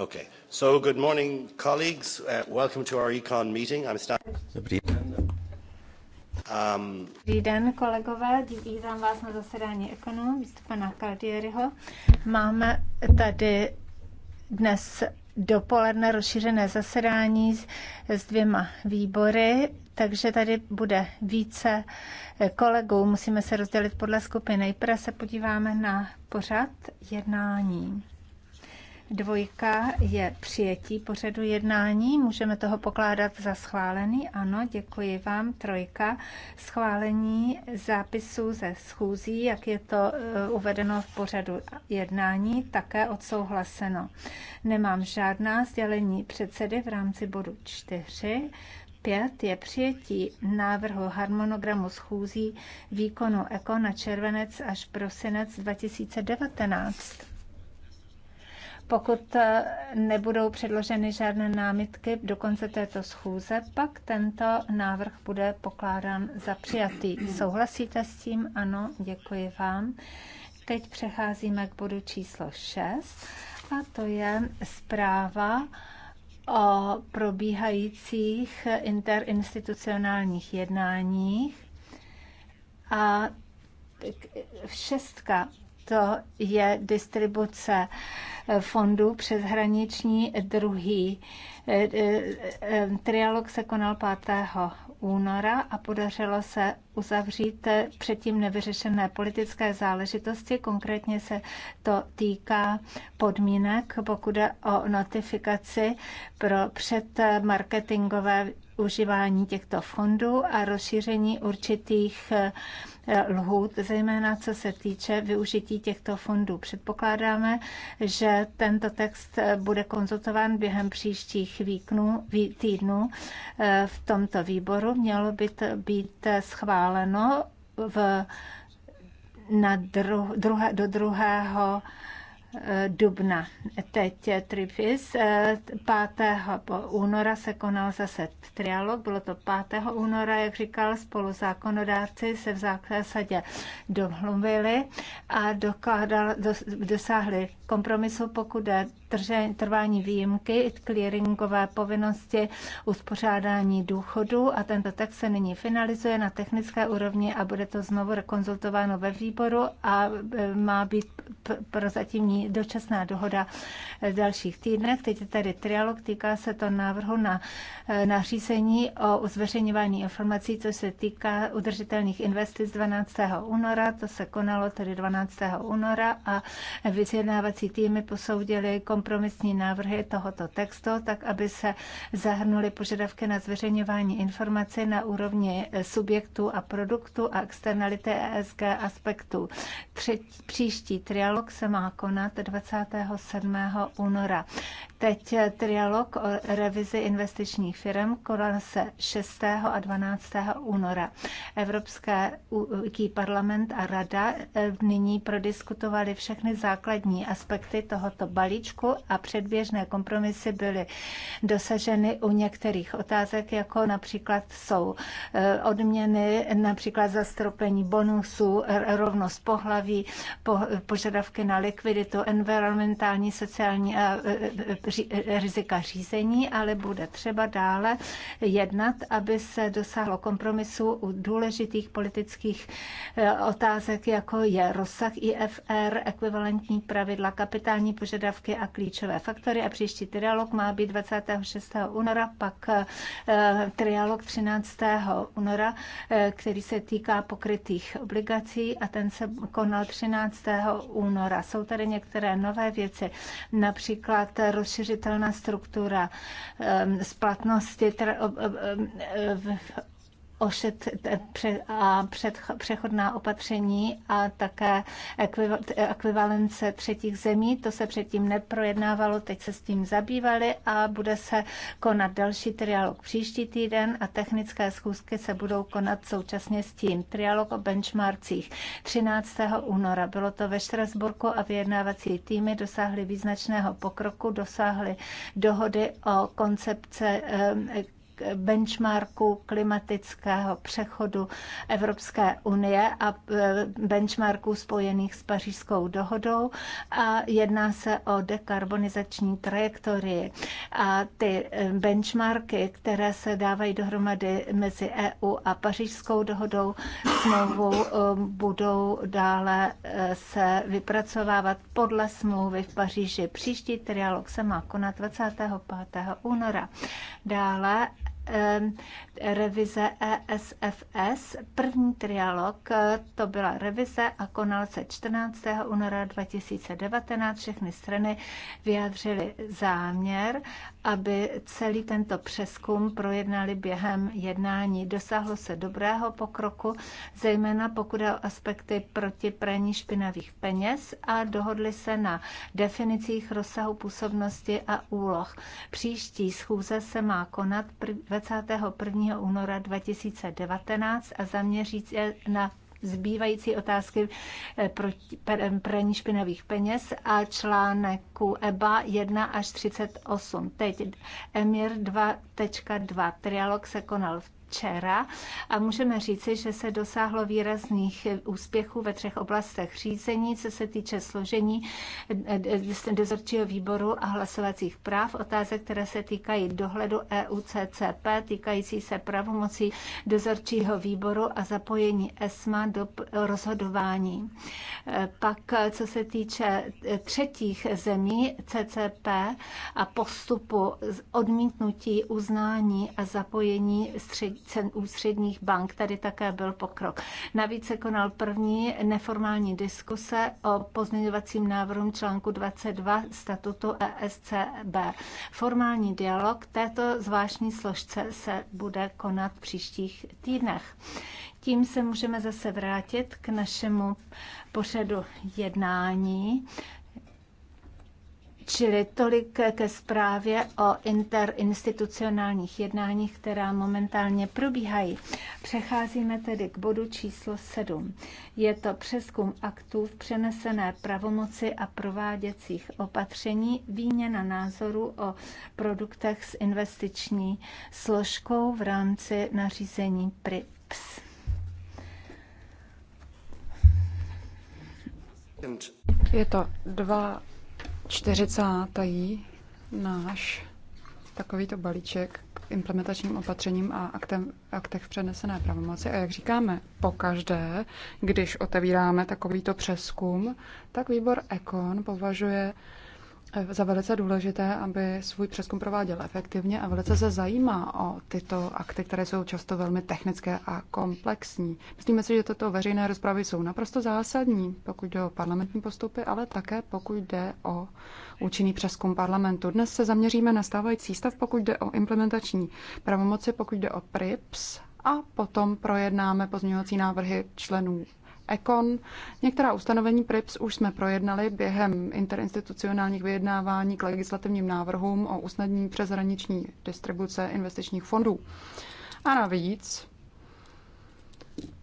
Okay. So good morning, colleagues. Uh, welcome to our econ meeting. I'm Stan. Dobrý den. Um, Dobrý den, kolegové. Vítám vás na zasedání ekonomů pana Kaldieriho. Máme tady dnes dopoledne rozšířené zasedání s, s dvěma výbory, takže tady bude více eh, kolegů. Musíme se rozdělit podle skupiny. Nejprve se podíváme na pořad jednání. Dvojka je přijetí pořadu jednání. Můžeme toho pokládat za schválený. Ano, děkuji vám. Trojka schválení zápisů ze schůzí, jak je to eh, uvedeno v pořadu jednání, také odsouhlaseno. Nemám žádná sdělení předsedy v rámci bodu 4. 5 je přijetí návrhu harmonogramu schůzí výkonu ECO na červenec až prosinec 2019. Pokud eh, nebudou předloženy žádné námitky do konce této schůze, pak tento návrh bude pokládán za přijatý. Souhlasíte s tím? Ano, děkuji vám. Teď přecházíme k bodu číslo 6 a to je zpráva o probíhajících interinstitucionálních jednáních. A šestka to je distribuce eh, fondů přeshraniční druhý. Eh, eh, trialog se konal 5. února a podařilo se uzavřít předtím nevyřešené politické záležitosti. Konkrétně se to týká podmínek, pokud je o notifikaci pro předmarketingové využívání těchto fondů a rozšíření určitých eh, lhůt, zejména co se týče využití těchto fondů. Předpokládáme, že tento text eh, bude konzultován během příštích víknů, vý, týdnů eh, v tomto výboru. Mělo by to být schváleno v, na dru, druhé, do druhého dubna. Teď Trifis 5. Eh, února se konal zase trialog, bylo to 5. února, jak říkal, spolu zákonodárci se v zásadě domluvili a dokádal, dosáhli kompromisu, pokud jde trvání výjimky, clearingové povinnosti, uspořádání důchodu a tento text se nyní finalizuje na technické úrovni a bude to znovu rekonzultováno ve výboru a e, má být prozatímní dočasná dohoda e, v dalších týdnech. Teď je tady trialog, týká se to návrhu na e, nařízení o zveřejňování informací, co se týká udržitelných investic 12. února. To se konalo tedy 12. února a vyjednávací týmy posoudili komu kompromisní návrhy tohoto textu, tak aby se zahrnuly požadavky na zveřejňování informací na úrovni eh, subjektů a produktů a externality ESG aspektů. Třetí, příští trialog se má konat 27. února. Teď trialog o revizi investičních firm konal se 6. a 12. února. Evropský parlament a rada eh, nyní prodiskutovali všechny základní aspekty tohoto balíčku a předběžné kompromisy byly dosaženy u některých otázek, jako například jsou eh, odměny, například zastropení bonusů, rovnost pohlaví, požadavky na likviditu, environmentální, sociální a eh, rizika řízení, ale bude třeba dále jednat, aby se dosáhlo kompromisu u důležitých politických eh, otázek, jako je rozsah IFR, ekvivalentní pravidla, kapitální požadavky a klíčové faktory. A příští trialog má být 26. února, pak eh, trialog 13. února, eh, který se týká pokrytých obligací a ten se konal 13. února. Jsou tady některé nové věci, například rozšíření rozšiřitelná struktura ehm, splatnosti ošet, a před, přechodná opatření a také ekvivalence třetích zemí. To se předtím neprojednávalo, teď se s tím zabývali a bude se konat další trialog příští týden a technické schůzky se budou konat současně s tím. Trialog o benchmarkcích 13. února. Bylo to ve Štrasburku a vyjednávací týmy dosáhly význačného pokroku, dosáhly dohody o koncepce eh, benchmarku klimatického přechodu Evropské unie a e, benchmarku spojených s pařížskou dohodou a jedná se o dekarbonizační trajektorii. A ty e, benchmarky, které se dávají dohromady mezi EU a pařížskou dohodou, smlouvou e, budou dále se vypracovávat podle smlouvy v Paříži. Příští trialog se má konat 25. února. Dále revize ESFS. První trialog eh, to byla revize a konal se 14. února 2019. Všechny strany vyjádřily záměr aby celý tento přeskum projednali během jednání. Dosáhlo se dobrého pokroku, zejména pokud je o aspekty proti praní špinavých peněz a dohodli se na definicích rozsahu působnosti a úloh. Příští schůze se má konat 21. února 2019 a zaměřit se na zbývající otázky eh, proti, praní špinavých peněz a článeku EBA 1 až 38. Teď EMIR 2.2. Trialog se konal v včera a můžeme říci, že se dosáhlo výrazných úspěchů ve třech oblastech řízení, co se týče složení eh, dozorčího výboru a hlasovacích práv, otázek, které se týkají dohledu EUCCP, týkající se pravomocí dozorčího výboru a zapojení ESMA do rozhodování. Eh, pak, co se týče eh, třetích zemí CCP a postupu odmítnutí uznání a zapojení střed, ústředních bank. Tady také byl pokrok. Navíc se konal první neformální diskuse o pozměňovacím návrhu článku 22 statutu ESCB. Formální dialog této zvláštní složce se bude konat v příštích týdnech. Tím se můžeme zase vrátit k našemu pořadu jednání. Čili tolik ke zprávě o interinstitucionálních jednáních, která momentálně probíhají. Přecházíme tedy k bodu číslo 7. Je to přeskum aktů v přenesené pravomoci a prováděcích opatření, výměna názoru o produktech s investiční složkou v rámci nařízení PRIPS. Je to dva 40. náš takovýto balíček k implementačním opatřením a aktem, aktech přenesené pravomoci. A jak říkáme, po každé, když otevíráme takovýto přeskum, tak výbor Ekon považuje za velice důležité, aby svůj přeskum prováděl efektivně a velice se zajímá o tyto akty, které jsou často velmi technické a komplexní. Myslíme si, že tyto veřejné rozpravy jsou naprosto zásadní, pokud jde o parlamentní postupy, ale také pokud jde o účinný přeskum parlamentu. Dnes se zaměříme na stávající stav, pokud jde o implementační pravomoci, pokud jde o PRIPS a potom projednáme pozměňovací návrhy členů Ekon. Některá ustanovení PRIPS už jsme projednali během interinstitucionálních vyjednávání k legislativním návrhům o usnadnění přeshraniční distribuce investičních fondů. A navíc,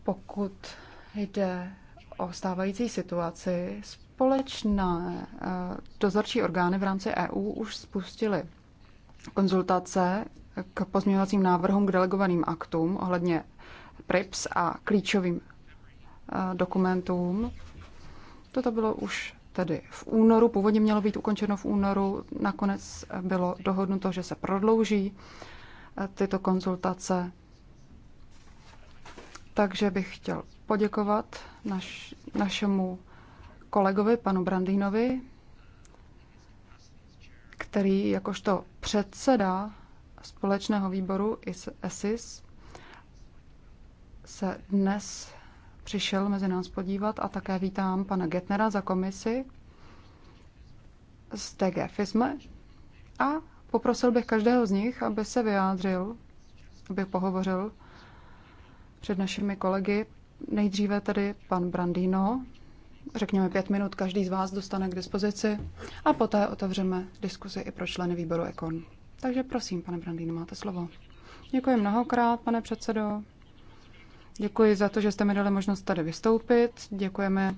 pokud jde o stávající situaci, společné eh, dozorčí orgány v rámci EU už spustily konzultace k pozměňovacím návrhům k delegovaným aktům ohledně PRIPS a klíčovým dokumentům. Toto bylo už tedy v únoru, původně mělo být ukončeno v únoru, nakonec bylo dohodnuto, že se prodlouží tyto konzultace. Takže bych chtěl poděkovat naš, našemu kolegovi, panu Brandýnovi, který jakožto předseda společného výboru ISIS ESIS se dnes přišel mezi nás podívat a také vítám pana Getnera za komisi z TG FISME a poprosil bych každého z nich, aby se vyjádřil, aby pohovořil před našimi kolegy. Nejdříve tedy pan Brandino, řekněme pět minut, každý z vás dostane k dispozici a poté otevřeme diskuzi i pro členy výboru EKON. Takže prosím, pane Brandino, máte slovo. Děkuji mnohokrát, pane předsedo. Děkuji za to, že jste mi dali možnost tady vystoupit. Děkujeme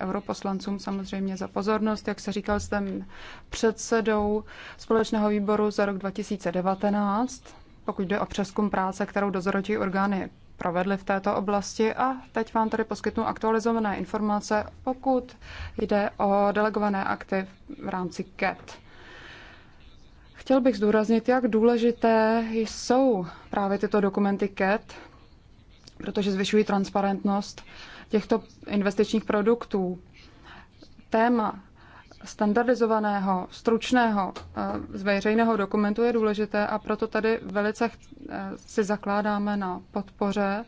europoslancům samozřejmě za pozornost. Jak se říkal, jsem předsedou společného výboru za rok 2019, pokud jde o přeskum práce, kterou dozorotí orgány provedli v této oblasti a teď vám tady poskytnu aktualizované informace, pokud jde o delegované akty v rámci CAT. Chtěl bych zdůraznit, jak důležité jsou právě tyto dokumenty CAT protože zvyšují transparentnost těchto investičních produktů. Téma standardizovaného, stručného, eh, zveřejného dokumentu je důležité a proto tady velice eh, si zakládáme na podpoře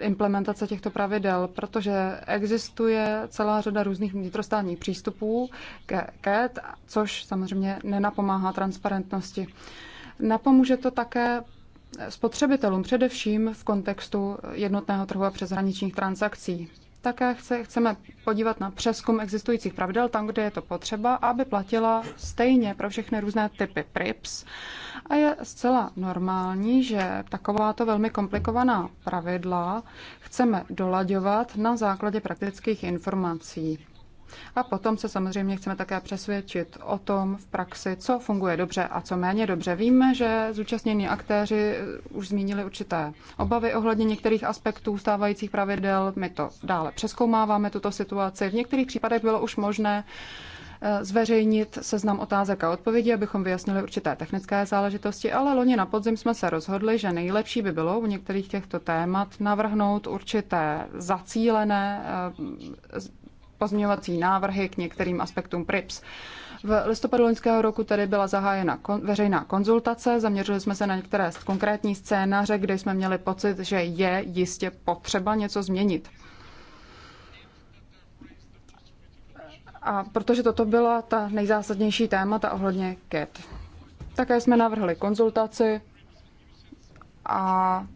implementace těchto pravidel, protože existuje celá řada různých vnitrostátních přístupů ke CAT, což samozřejmě nenapomáhá transparentnosti. Napomůže to také spotřebitelům, především v kontextu jednotného trhu a přeshraničních transakcí. Také chce, chceme podívat na přeskum existujících pravidel tam, kde je to potřeba, aby platila stejně pro všechny různé typy PRIPS. A je zcela normální, že takováto velmi komplikovaná pravidla chceme dolaďovat na základě praktických informací. A potom se samozřejmě chceme také přesvědčit o tom v praxi, co funguje dobře a co méně dobře. Víme, že zúčastnění aktéři eh, už zmínili určité obavy ohledně některých aspektů stávajících pravidel. My to dále přeskoumáváme, tuto situaci. V některých případech bylo už možné eh, zveřejnit seznam otázek a odpovědí, abychom vyjasnili určité technické záležitosti, ale loni na podzim jsme se rozhodli, že nejlepší by bylo u některých těchto témat navrhnout určité zacílené eh, pozměňovací návrhy k některým aspektům PRIPS. V listopadu loňského roku tedy byla zahájena kon, veřejná konzultace, zaměřili jsme se na některé konkrétní scénáře, kde jsme měli pocit, že je jistě potřeba něco změnit. A protože toto byla ta nejzásadnější témata ohledně CAT. E Také jsme navrhli konzultaci a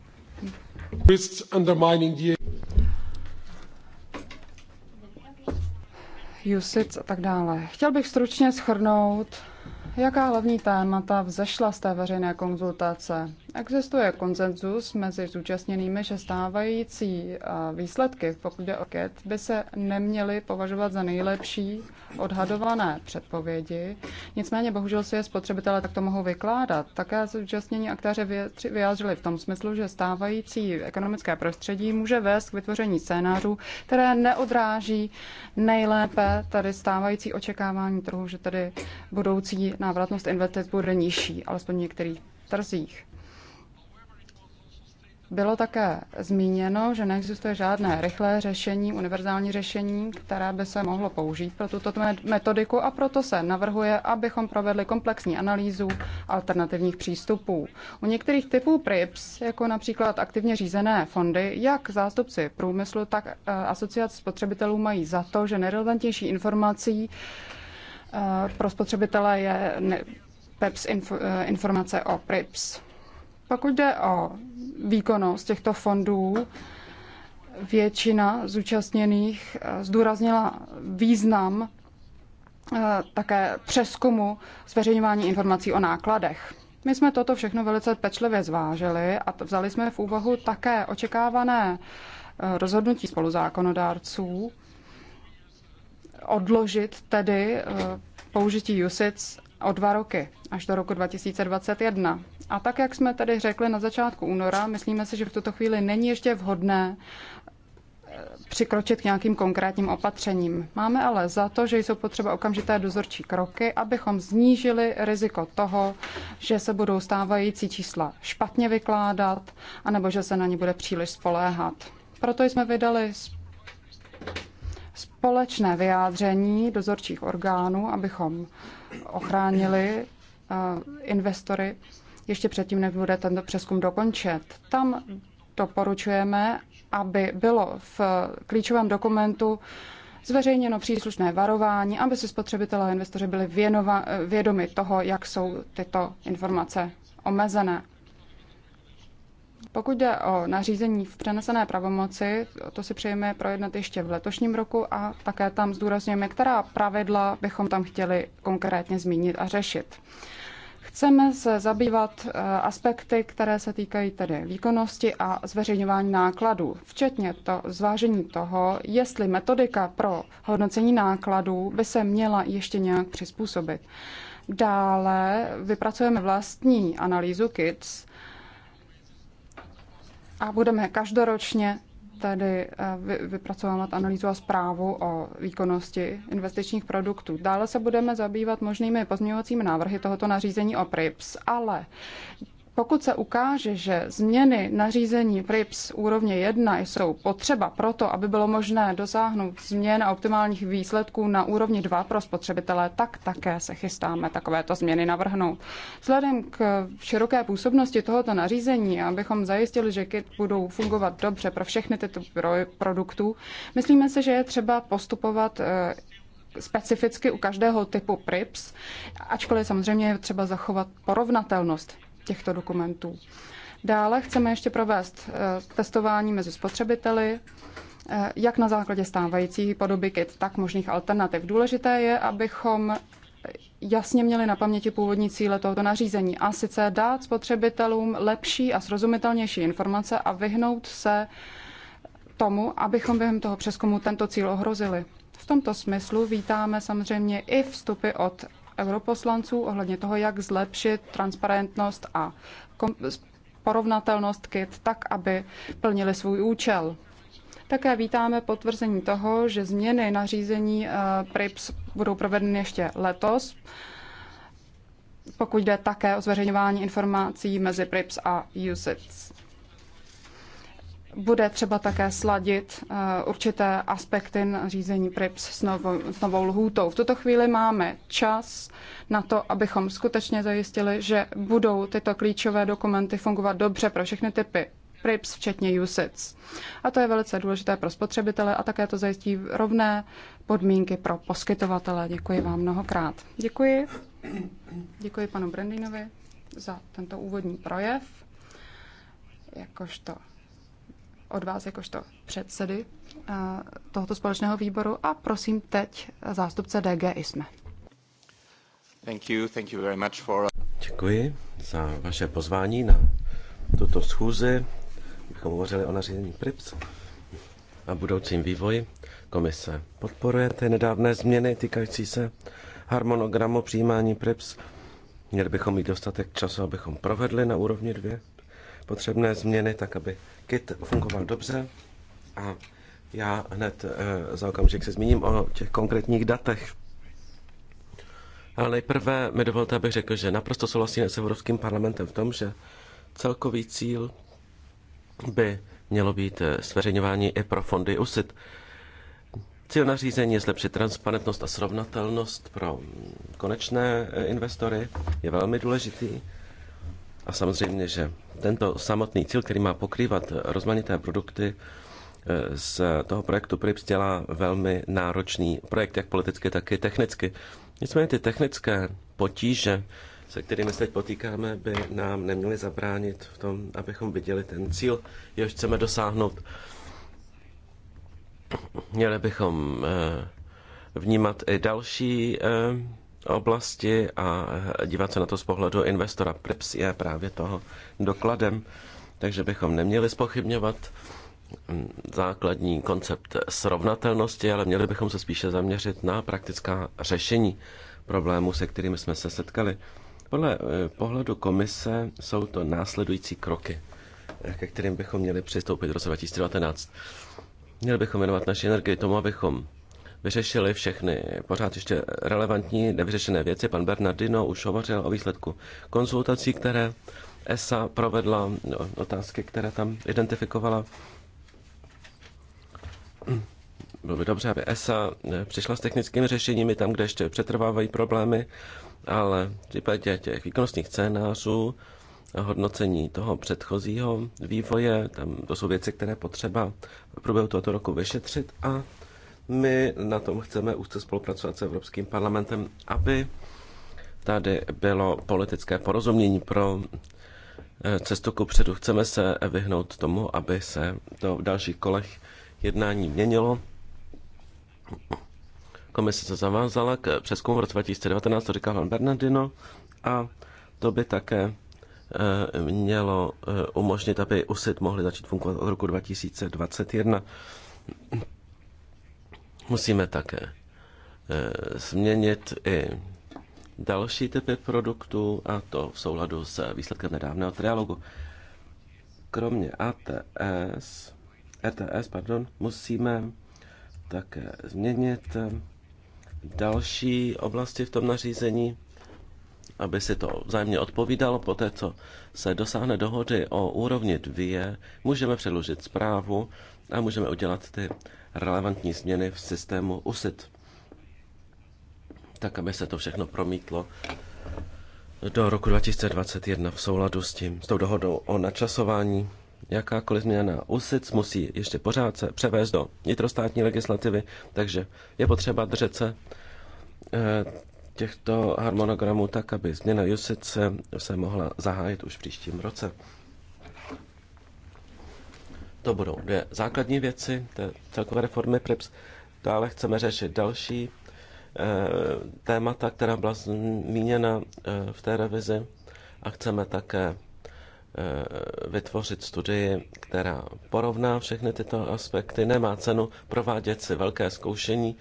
USIC a tak dále. Chtěl bych stručně schrnout, jaká hlavní témata vzešla z té veřejné konzultace Existuje konsenzus mezi zúčastněnými, že stávající výsledky, pokud jde o KET, by se neměly považovat za nejlepší odhadované předpovědi. Nicméně bohužel si je spotřebitelé takto mohou vykládat. Také zúčastnění aktéři vyjádřili v tom smyslu, že stávající ekonomické prostředí může vést k vytvoření scénářů, které neodráží nejlépe tady stávající očekávání trhu, že tady budoucí návratnost investic bude nižší, alespoň v některých trzích. Bylo také zmíněno, že neexistuje žádné rychlé řešení, univerzální řešení, které by se mohlo použít pro tuto metodiku a proto se navrhuje, abychom provedli komplexní analýzu alternativních přístupů. U některých typů PRIPS, jako například aktivně řízené fondy, jak zástupci průmyslu, tak eh, asociace spotřebitelů mají za to, že nerelevantnější informací eh, pro spotřebitele je PEPS eh, informace o PRIPS. Pokud jde o výkonnost těchto fondů, většina zúčastněných eh, zdůraznila význam eh, také přeskumu zveřejňování informací o nákladech. My jsme toto všechno velice pečlivě zvážili a vzali jsme v úvahu také očekávané eh, rozhodnutí spoluzákonodárců odložit tedy použití USIC o dva roky, až do roku 2021. A tak, jak jsme tady řekli na začátku února, myslíme si, že v tuto chvíli není ještě vhodné eh, přikročit k nějakým konkrétním opatřením. Máme ale za to, že jsou potřeba okamžité dozorčí kroky, abychom znížili riziko toho, že se budou stávající čísla špatně vykládat, anebo že se na ně bude příliš spoléhat. Proto jsme vydali společné vyjádření dozorčích orgánů, abychom ochránili eh, investory ještě předtím, než bude tento přeskum dokončet. Tam doporučujeme, aby bylo v klíčovém dokumentu zveřejněno příslušné varování, aby si spotřebitelé a investoři byli věnova, vědomi toho, jak jsou tyto informace omezené. Pokud jde o nařízení v přenesené pravomoci, to si přejeme projednat ještě v letošním roku a také tam zdůrazněme, která pravidla bychom tam chtěli konkrétně zmínit a řešit. Chceme se zabývat eh, aspekty, které se týkají tedy výkonnosti a zveřejňování nákladů, včetně to zvážení toho, jestli metodika pro hodnocení nákladů by se měla ještě nějak přizpůsobit. Dále vypracujeme vlastní analýzu KIDS, a budeme každoročně tady eh, vypracovávat analýzu a zprávu o výkonnosti investičních produktů. Dále se budeme zabývat možnými pozměňovacími návrhy tohoto nařízení o PRIPS, ale pokud se ukáže, že změny nařízení PRIPS úrovně 1 jsou potřeba proto, aby bylo možné dosáhnout změn a optimálních výsledků na úrovni 2 pro spotřebitele, tak také se chystáme takovéto změny navrhnout. Vzhledem k široké působnosti tohoto nařízení, abychom zajistili, že KIT budou fungovat dobře pro všechny tyto produktů, myslíme se, že je třeba postupovat eh, specificky u každého typu PRIPS, ačkoliv samozřejmě je třeba zachovat porovnatelnost těchto dokumentů. Dále chceme ještě provést eh, testování mezi spotřebiteli, eh, jak na základě stávající podoby KIT, tak možných alternativ. Důležité je, abychom jasně měli na paměti původní cíle tohoto nařízení a sice dát spotřebitelům lepší a srozumitelnější informace a vyhnout se tomu, abychom během toho přeskumu tento cíl ohrozili. V tomto smyslu vítáme samozřejmě i vstupy od europoslanců ohledně toho, jak zlepšit transparentnost a porovnatelnost KIT tak, aby plnili svůj účel. Také vítáme potvrzení toho, že změny nařízení eh, PRIPS budou provedeny ještě letos, pokud jde také o zveřejňování informací mezi PRIPS a USITS bude třeba také sladit eh, určité aspekty na řízení PRIPS s novou, s novou lhůtou. V tuto chvíli máme čas na to, abychom skutečně zajistili, že budou tyto klíčové dokumenty fungovat dobře pro všechny typy PRIPS, včetně USITS. A to je velice důležité pro spotřebitele a také to zajistí rovné podmínky pro poskytovatele. Děkuji vám mnohokrát. Děkuji. Děkuji panu Brandinovi za tento úvodní projev jakožto od vás jakožto předsedy eh, tohoto společného výboru a prosím teď zástupce DG ISME. Thank you, thank you very much for... Děkuji za vaše pozvání na tuto schůzi. Bychom hovořili o nařízení PRIPS a budoucím vývoji. Komise podporuje ty nedávné změny týkající se harmonogramu přijímání PRIPS. Měli bychom mít dostatek času, abychom provedli na úrovni dvě potřebné změny, tak aby Kit fungoval dobře a já hned eh, za okamžik se zmíním o těch konkrétních datech. Ale nejprve mi dovolte, abych řekl, že naprosto souhlasím s Evropským parlamentem v tom, že celkový cíl by mělo být eh, zveřejňování i pro fondy USIT. Cíl nařízení je zlepšit transparentnost a srovnatelnost pro mm, konečné eh, investory, je velmi důležitý. A samozřejmě, že tento samotný cíl, který má pokrývat rozmanité produkty, e, z toho projektu PRIPS dělá velmi náročný projekt, jak politicky, tak i technicky. Nicméně ty technické potíže, se kterými se teď potýkáme, by nám neměly zabránit v tom, abychom viděli ten cíl, jehož chceme dosáhnout. Měli bychom e, vnímat i další e, oblasti a dívat se na to z pohledu investora. PRIPS je právě toho dokladem, takže bychom neměli spochybňovat mm, základní koncept srovnatelnosti, ale měli bychom se spíše zaměřit na praktická řešení problémů, se kterými jsme se setkali. Podle eh, pohledu komise jsou to následující kroky, eh, ke kterým bychom měli přistoupit v roce 2019. Měli bychom věnovat naši energii tomu, abychom vyřešili všechny pořád ještě relevantní nevyřešené věci. Pan Bernardino už hovořil o výsledku konzultací, které ESA provedla, no, otázky, které tam identifikovala. Bylo by dobře, aby ESA eh, přišla s technickými řešeními tam, kde ještě přetrvávají problémy, ale v případě těch výkonnostních scénářů a hodnocení toho předchozího vývoje, tam to jsou věci, které potřeba v průběhu tohoto roku vyšetřit a my na tom chceme úzce spolupracovat s Evropským parlamentem, aby tady bylo politické porozumění pro eh, cestu ku předu. Chceme se vyhnout tomu, aby se to v dalších kolech jednání měnilo. Komise se zavázala k přeskumu v roce 2019, to říkal Juan Bernardino, a to by také eh, mělo eh, umožnit, aby USIT mohli začít fungovat od roku 2021. Musíme také eh, změnit i další typy produktů, a to v souladu s výsledkem nedávného trialogu. Kromě ATS, ETS pardon, musíme také změnit eh, další oblasti v tom nařízení, aby si to vzájemně odpovídalo. Poté, co se dosáhne dohody o úrovni 2, můžeme předložit zprávu a můžeme udělat ty relevantní změny v systému USIT, tak aby se to všechno promítlo do roku 2021 v souladu s tím, s tou dohodou o načasování. Jakákoliv změna na USIC musí ještě pořád se převést do vnitrostátní legislativy, takže je potřeba držet se eh, těchto harmonogramů tak, aby změna USIC se mohla zahájit už v příštím roce. To budou dvě základní věci té celkové reformy PRIPS. Dále chceme řešit další eh, témata, která byla zmíněna eh, v té revizi a chceme také eh, vytvořit studii, která porovná všechny tyto aspekty. Nemá cenu provádět si velké zkoušení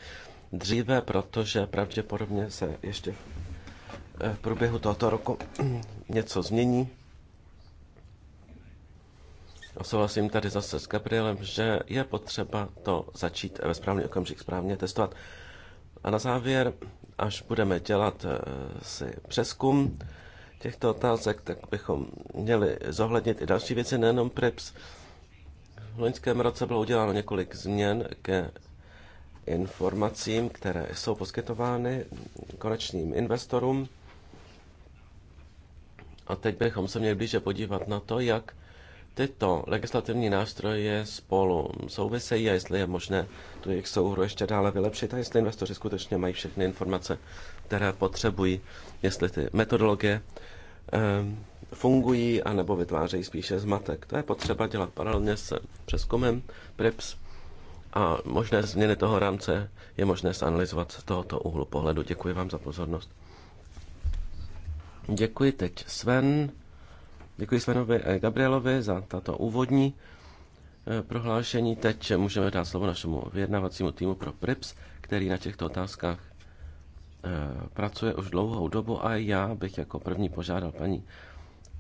dříve, protože pravděpodobně se ještě v průběhu tohoto roku něco změní souhlasím tady zase s Gabrielem, že je potřeba to začít ve správný okamžik správně testovat. A na závěr, až budeme dělat eh, si přeskum těchto otázek, tak bychom měli zohlednit i další věci, nejenom PREPS. V loňském roce bylo uděláno několik změn ke informacím, které jsou poskytovány konečným investorům. A teď bychom se měli blíže podívat na to, jak tyto legislativní nástroje spolu souvisejí a jestli je možné tu jejich souhru ještě dále vylepšit a jestli investoři skutečně mají všechny informace, které potřebují, jestli ty metodologie um, fungují nebo vytvářejí spíše zmatek. To je potřeba dělat paralelně s přeskumem PRIPS a možné změny toho rámce je možné zanalizovat z tohoto úhlu pohledu. Děkuji vám za pozornost. Děkuji teď Sven. Děkuji Svenovi Gabrielovi za tato úvodní eh, prohlášení. Teď můžeme dát slovo našemu vyjednávacímu týmu pro PRIPS, který na těchto otázkách eh, pracuje už dlouhou dobu a já bych jako první požádal paní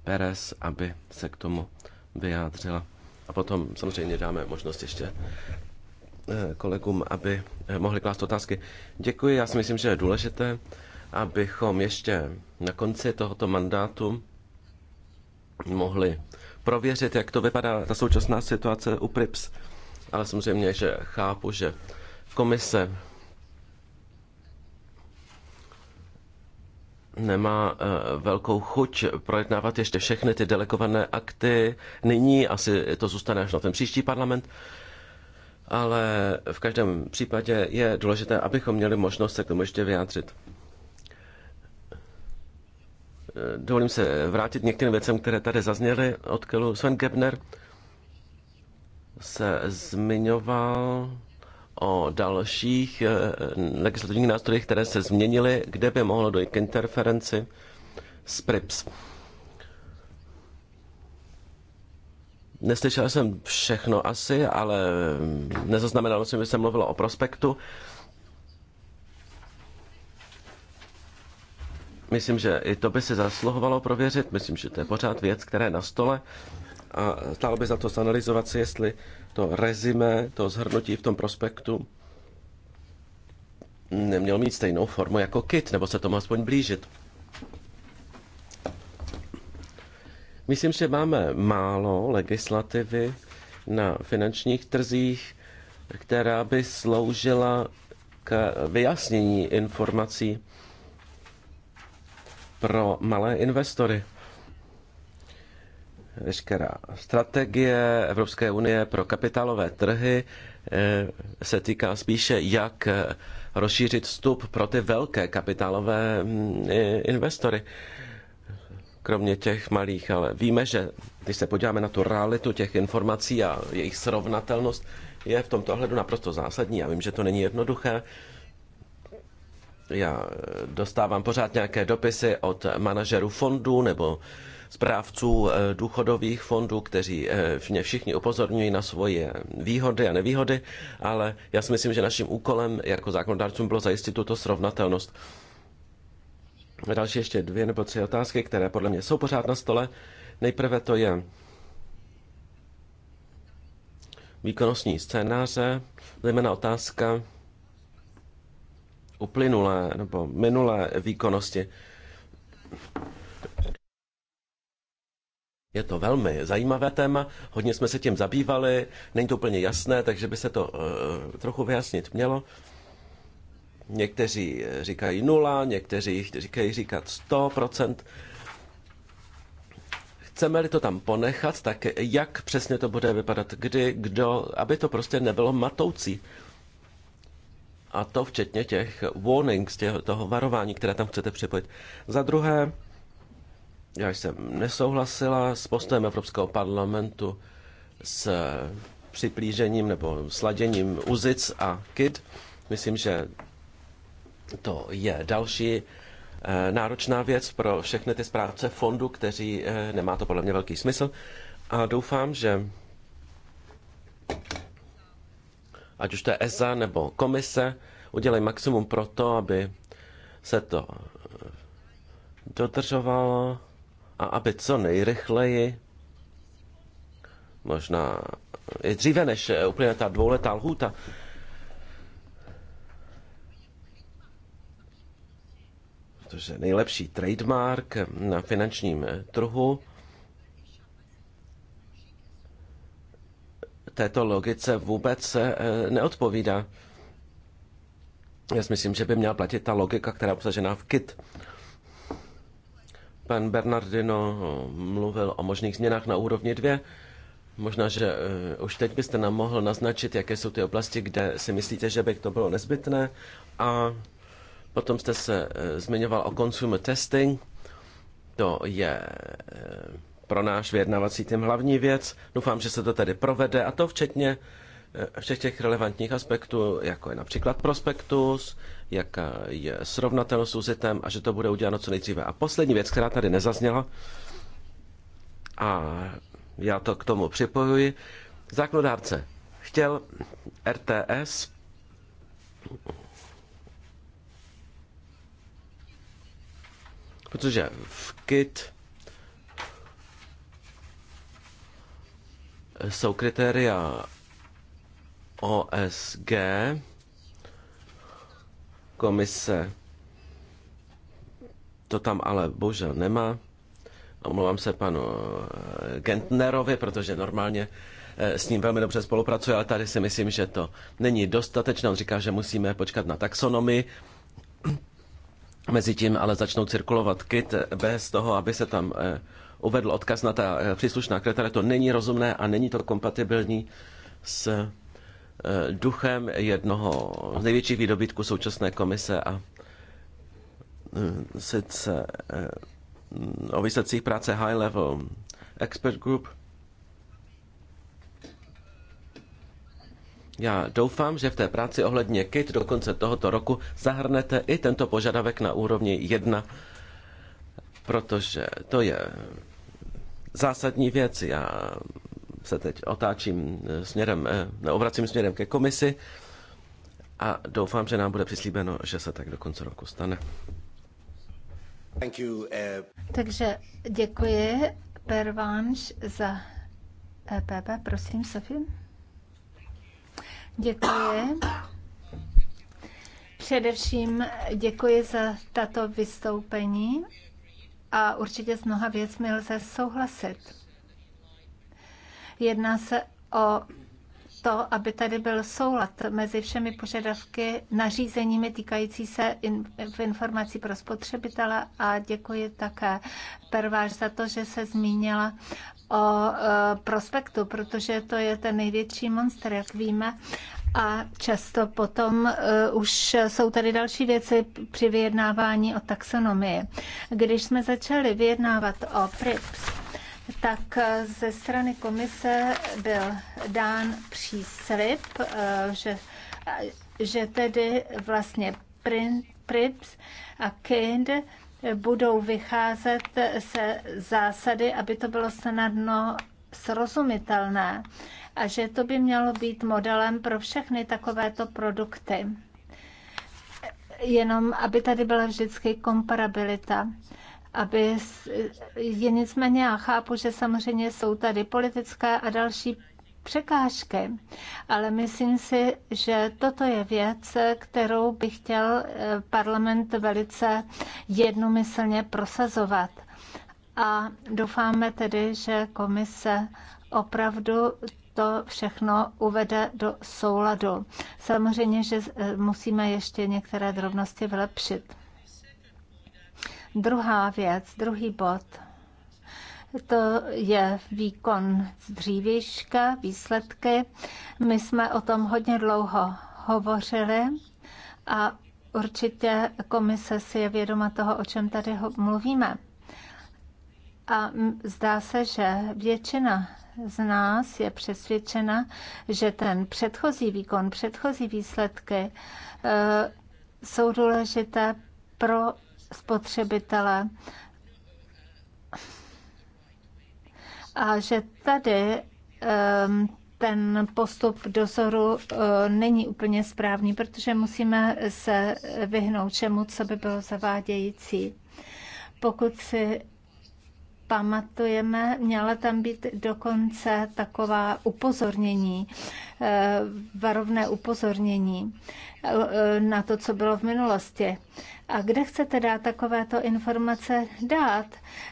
Perez, aby se k tomu vyjádřila. A potom samozřejmě dáme možnost ještě eh, kolegům, aby mohli klást otázky. Děkuji, já si myslím, že je důležité, abychom ještě na konci tohoto mandátu mohli prověřit, jak to vypadá ta současná situace u PRIPS. Ale samozřejmě, že chápu, že v komise nemá eh, velkou chuť projednávat ještě všechny ty delegované akty nyní, asi to zůstane až na ten příští parlament, ale v každém případě je důležité, abychom měli možnost se k tomu ještě vyjádřit dovolím se vrátit některým věcem, které tady zazněly od Kelu. Sven Gebner se zmiňoval o dalších eh, legislativních nástrojích, které se změnily, kde by mohlo dojít k interferenci s PRIPS. Neslyšel jsem všechno asi, ale nezaznamenalo jsem, že jsem mluvil o prospektu. Myslím, že i to by se zasluhovalo prověřit. Myslím, že to je pořád věc, která je na stole. A stálo by za to zanalizovat si, jestli to rezime, to zhrnutí v tom prospektu nemělo mít stejnou formu jako kit, nebo se tomu aspoň blížit. Myslím, že máme málo legislativy na finančních trzích, která by sloužila k vyjasnění informací pro malé investory. Veškerá strategie Evropské unie pro kapitálové trhy eh, se týká spíše, jak eh, rozšířit vstup pro ty velké kapitálové mm, investory. Kromě těch malých, ale víme, že když se podíváme na tu realitu těch informací a jejich srovnatelnost, je v tomto ohledu naprosto zásadní. Já vím, že to není jednoduché, já eh, dostávám pořád nějaké dopisy od manažerů fondů nebo zprávců eh, důchodových fondů, kteří eh, mě všichni upozorňují na svoje výhody a nevýhody, ale já si myslím, že naším úkolem jako zákonodárcům bylo zajistit tuto srovnatelnost. Další ještě dvě nebo tři otázky, které podle mě jsou pořád na stole. Nejprve to je výkonnostní scénáře, zejména otázka, uplynulé nebo minulé výkonnosti. Je to velmi zajímavé téma, hodně jsme se tím zabývali, není to úplně jasné, takže by se to uh, trochu vyjasnit mělo. Někteří eh, říkají nula, někteří říkají říkat 100%. Chceme-li to tam ponechat, tak jak přesně to bude vypadat, kdy, kdo, aby to prostě nebylo matoucí. A to včetně těch warnings, těch, toho varování, které tam chcete připojit. Za druhé, já jsem nesouhlasila s postojem Evropského parlamentu s připlížením nebo sladěním uzic a KID. Myslím, že to je další eh, náročná věc pro všechny ty správce fondu, kteří eh, nemá to podle mě velký smysl. A doufám, že ať už to je ESA nebo komise, udělají maximum pro to, aby se to eh, dodržovalo a aby co nejrychleji, možná i dříve než úplně ta dvouletá lhůta, protože nejlepší trademark na finančním trhu této logice vůbec eh, neodpovídá. Já si myslím, že by měla platit ta logika, která je obsažená v KIT. Pan Bernardino mluvil o možných změnách na úrovni 2. Možná, že eh, už teď byste nám mohl naznačit, jaké jsou ty oblasti, kde si myslíte, že by to bylo nezbytné. A potom jste se eh, zmiňoval o consumer testing. To je pro náš vyjednavací tým hlavní věc. Doufám, že se to tedy provede a to včetně eh, všech těch relevantních aspektů, jako je například prospektus, jaká je srovnatelnost s úzitem a že to bude uděláno co nejdříve. A poslední věc, která tady nezazněla, a já to k tomu připojuji, zákonodárce chtěl RTS protože v KIT jsou kritéria OSG. Komise to tam ale bohužel nemá. Omlouvám se panu eh, Gentnerovi, protože normálně eh, s ním velmi dobře spolupracuje, ale tady si myslím, že to není dostatečné. On říká, že musíme počkat na taxonomii. Mezitím ale začnou cirkulovat kit eh, bez toho, aby se tam uvedl odkaz na ta eh, příslušná kritéria. To není rozumné a není to kompatibilní s eh, duchem jednoho z největších výdobytků současné komise a eh, sice o výsledcích práce High Level Expert Group. Já doufám, že v té práci ohledně KIT do konce tohoto roku zahrnete i tento požadavek na úrovni 1 protože to je zásadní věc. Já se teď otáčím směrem, eh, neobracím směrem ke komisi a doufám, že nám bude přislíbeno, že se tak do konce roku stane. Eh. Takže děkuji Pervanš za EPP. Prosím, Sofie. Děkuji. Především děkuji za tato vystoupení a určitě s mnoha věcmi lze souhlasit. Jedná se o to, aby tady byl soulad mezi všemi požadavky nařízeními týkající se in, informací pro spotřebitele a děkuji také Perváš za to, že se zmínila o e, prospektu, protože to je ten největší monster, jak víme. A často potom e, už jsou tady další věci při vyjednávání o taxonomii. Když jsme začali vyjednávat o PRIPS, tak e, ze strany komise byl dán příslip, že, že tedy vlastně PRIPS a KIND budou vycházet se zásady, aby to bylo snadno srozumitelné a že to by mělo být modelem pro všechny takovéto produkty. Jenom, aby tady byla vždycky komparabilita aby je nicméně já chápu, že samozřejmě jsou tady politické a další překážky, ale myslím si, že toto je věc, kterou by chtěl eh, parlament velice jednomyslně prosazovat. A doufáme tedy, že komise opravdu to všechno uvede do souladu. Samozřejmě, že eh, musíme ještě některé drobnosti vylepšit. Druhá věc, druhý bod to je výkon z dřívějška, výsledky. My jsme o tom hodně dlouho hovořili a určitě komise si je vědoma toho, o čem tady mluvíme. A zdá se, že většina z nás je přesvědčena, že ten předchozí výkon, předchozí výsledky e, jsou důležité pro spotřebitele, a že tady ehm, ten postup dozoru eh, není úplně správný, protože musíme se vyhnout čemu, co by bylo zavádějící. Pokud si pamatujeme, měla tam být dokonce taková upozornění, eh, varovné upozornění eh, na to, co bylo v minulosti. A kde chcete dát takovéto informace dát?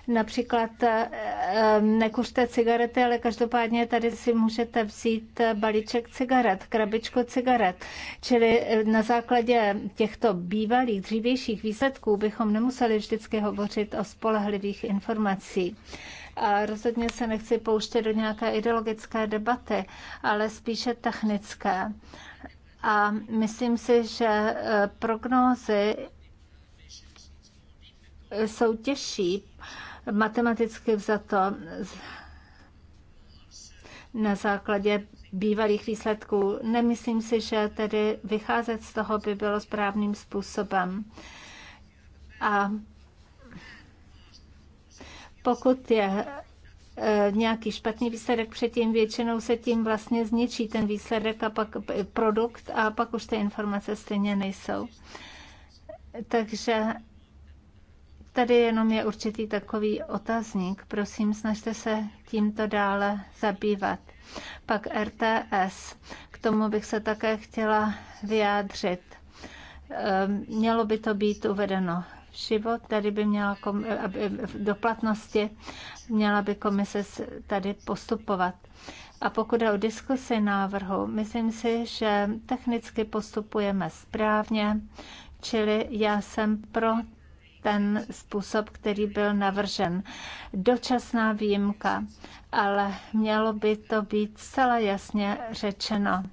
Například eh, eh, nekuřte cigarety, ale každopádně tady si můžete vzít balíček cigaret, krabičku cigaret. Čili eh, na základě těchto bývalých, dřívějších výsledků bychom nemuseli vždycky hovořit o spolehlivých informací a rozhodně se nechci pouštět do nějaké ideologické debaty, ale spíše technické. A myslím si, že prognózy jsou těžší matematicky vzato na základě bývalých výsledků. Nemyslím si, že tedy vycházet z toho by bylo správným způsobem. A pokud je e, nějaký špatný výsledek předtím, většinou se tím vlastně zničí ten výsledek a pak e, produkt a pak už ty informace stejně nejsou. Takže Tady jenom je určitý takový otazník. Prosím, snažte se tímto dále zabývat. Pak RTS. K tomu bych se také chtěla vyjádřit. Ehm, mělo by to být uvedeno v život, tady by měla kom, aby, do platnosti měla by komise tady postupovat. A pokud je o diskusi návrhu, myslím si, že technicky postupujeme správně, čili já jsem pro ten způsob, který byl navržen. Dočasná výjimka, ale mělo by to být celé jasně řečeno.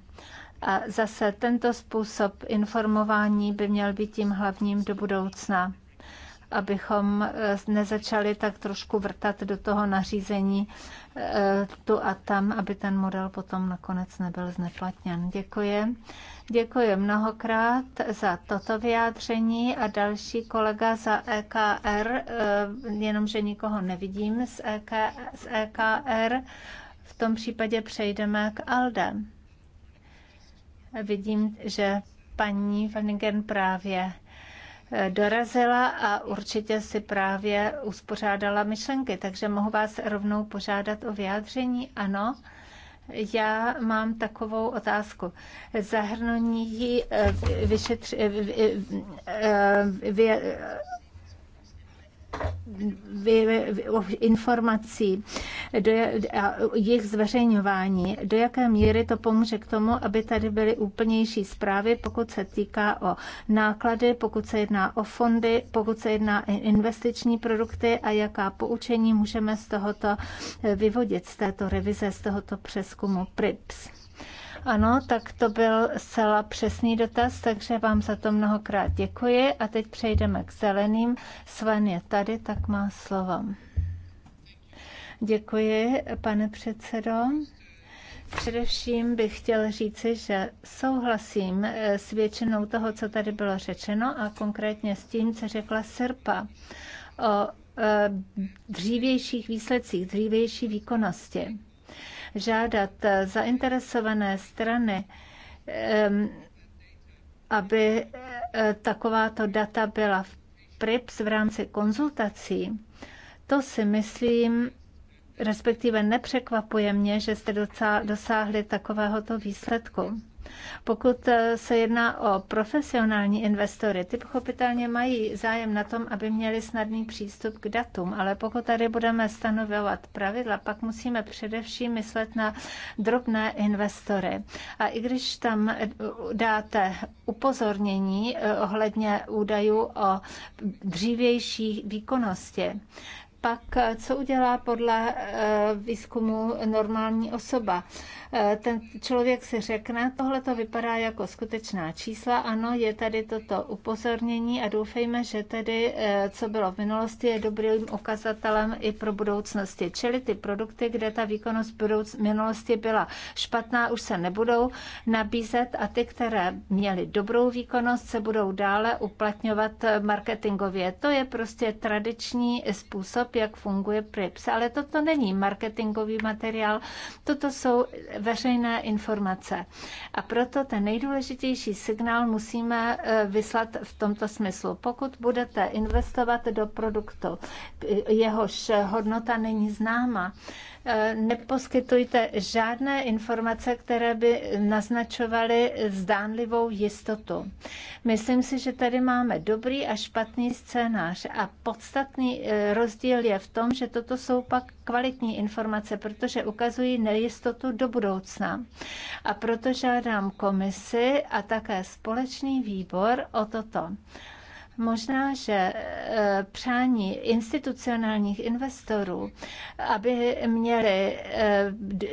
A zase tento způsob informování by měl být tím hlavním do budoucna, abychom eh, nezačali tak trošku vrtat do toho nařízení Eh, tu a tam, aby ten model potom nakonec nebyl zneplatněn. Děkuji. Děkuji mnohokrát za toto vyjádření a další kolega za EKR, eh, jenomže nikoho nevidím z, EK, z EKR, v tom případě přejdeme k ALDE. Vidím, že paní Vanigen právě dorazila a určitě si právě uspořádala myšlenky, takže mohu vás rovnou požádat o vyjádření. Ano, já mám takovou otázku. Eh, eh, vy, eh, vy, vy, vy, vy, informací do, a jejich zveřejňování, do jaké míry to pomůže k tomu, aby tady byly úplnější zprávy, pokud se týká o náklady, pokud se jedná o fondy, pokud se jedná o investiční produkty a jaká poučení můžeme z tohoto vyvodit, z této revize, z tohoto přeskumu PRIPS. Ano, tak to byl zcela přesný dotaz, takže vám za to mnohokrát děkuji. A teď přejdeme k zeleným. Sven je tady, tak má slovo. Děkuji, pane předsedo. Především bych chtěl říci, že souhlasím eh, s většinou toho, co tady bylo řečeno a konkrétně s tím, co řekla Serpa o eh, dřívějších výsledcích, dřívější výkonnosti žádat zainteresované strany, aby eh, takováto data byla v PRIPS v rámci konzultací, to si myslím, respektive nepřekvapuje mě, že jste dosáhli takovéhoto výsledku. Pokud eh, se jedná o profesionální investory, ty pochopitelně mají zájem na tom, aby měli snadný přístup k datům, ale pokud tady budeme stanovovat pravidla, pak musíme především myslet na drobné investory. A i když tam eh, dáte upozornění eh, ohledně údajů o dřívější výkonnosti, pak co udělá podle eh, výzkumu normální osoba. Eh, ten člověk si řekne, tohle to vypadá jako skutečná čísla, ano, je tady toto upozornění a doufejme, že tedy, eh, co bylo v minulosti, je dobrým ukazatelem i pro budoucnosti. Čili ty produkty, kde ta výkonnost budouc- minulosti byla špatná, už se nebudou nabízet a ty, které měly dobrou výkonnost, se budou dále uplatňovat marketingově. To je prostě tradiční způsob, způsob, jak funguje PRIPS. Ale toto není marketingový materiál, toto jsou veřejné informace. A proto ten nejdůležitější signál musíme e, vyslat v tomto smyslu. Pokud budete investovat do produktu, e, jehož hodnota není známa, Eh, neposkytujte žádné informace, které by naznačovaly zdánlivou jistotu. Myslím si, že tady máme dobrý a špatný scénář a podstatný eh, rozdíl je v tom, že toto jsou pak kvalitní informace, protože ukazují nejistotu do budoucna. A proto žádám komisi a také společný výbor o toto Možná, že eh, přání institucionálních investorů, aby měli eh,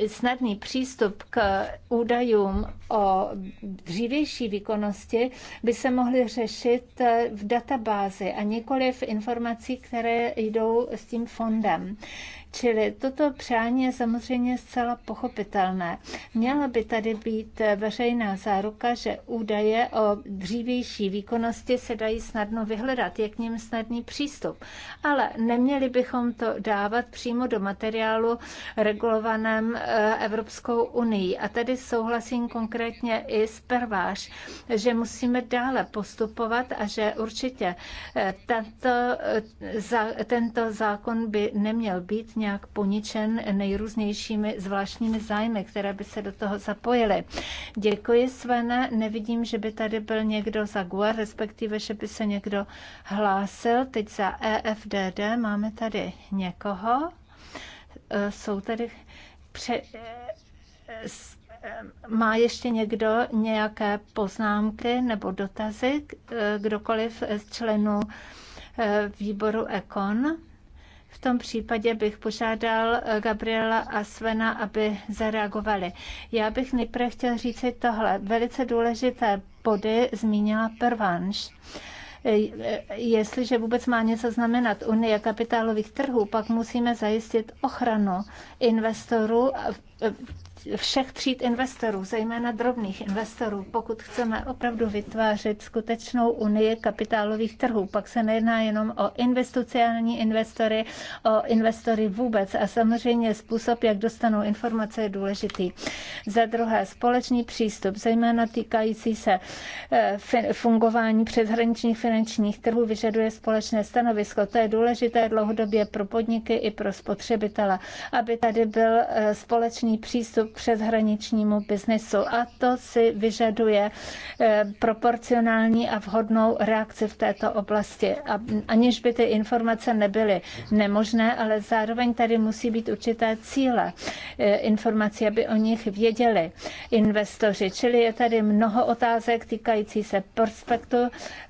snadný přístup k údajům o dřívější výkonnosti, by se mohly řešit eh, v databázi a nikoli v informací, které jdou s tím fondem. Čili toto přání je samozřejmě zcela pochopitelné. Měla by tady být veřejná záruka, že údaje o dřívější výkonnosti se dají snadno vyhledat, je k ním snadný přístup. Ale neměli bychom to dávat přímo do materiálu regulovaném eh, Evropskou unii. A tady souhlasím konkrétně i s Perváš, že musíme dále postupovat a že určitě eh, tento, eh, tento zákon by neměl být nějak poničen nejrůznějšími zvláštními zájmy, které by se do toho zapojily. Děkuji, Svene. Nevidím, že by tady byl někdo za GUA, respektive, že by se někdo hlásil. Teď za EFDD máme tady někoho. E, jsou tady pře... E, e, má ještě někdo nějaké poznámky nebo dotazy, kdokoliv z členů výboru Econ? V tom případě bych požádal eh, Gabriela a Svena, aby zareagovali. Já bych nejprve chtěl říct tohle. Velice důležité body zmínila Pervanš eh, eh, jestliže vůbec má něco znamenat Unie kapitálových trhů, pak musíme zajistit ochranu investorů všech tříd investorů, zejména drobných investorů, pokud chceme opravdu vytvářet skutečnou unii kapitálových trhů. Pak se nejedná jenom o investiciální investory, o investory vůbec a samozřejmě způsob, jak dostanou informace, je důležitý. Za druhé, společný přístup, zejména týkající se eh, fungování přeshraničních finančních trhů, vyžaduje společné stanovisko. To je důležité dlouhodobě pro podniky i pro spotřebitele, aby tady byl eh, společný přístup přeshraničnímu biznesu. A to si vyžaduje eh, proporcionální a vhodnou reakci v této oblasti, aniž by ty informace nebyly nemožné, ale zároveň tady musí být určité cíle eh, informací, aby o nich věděli investoři. Čili je tady mnoho otázek týkající se prospektu.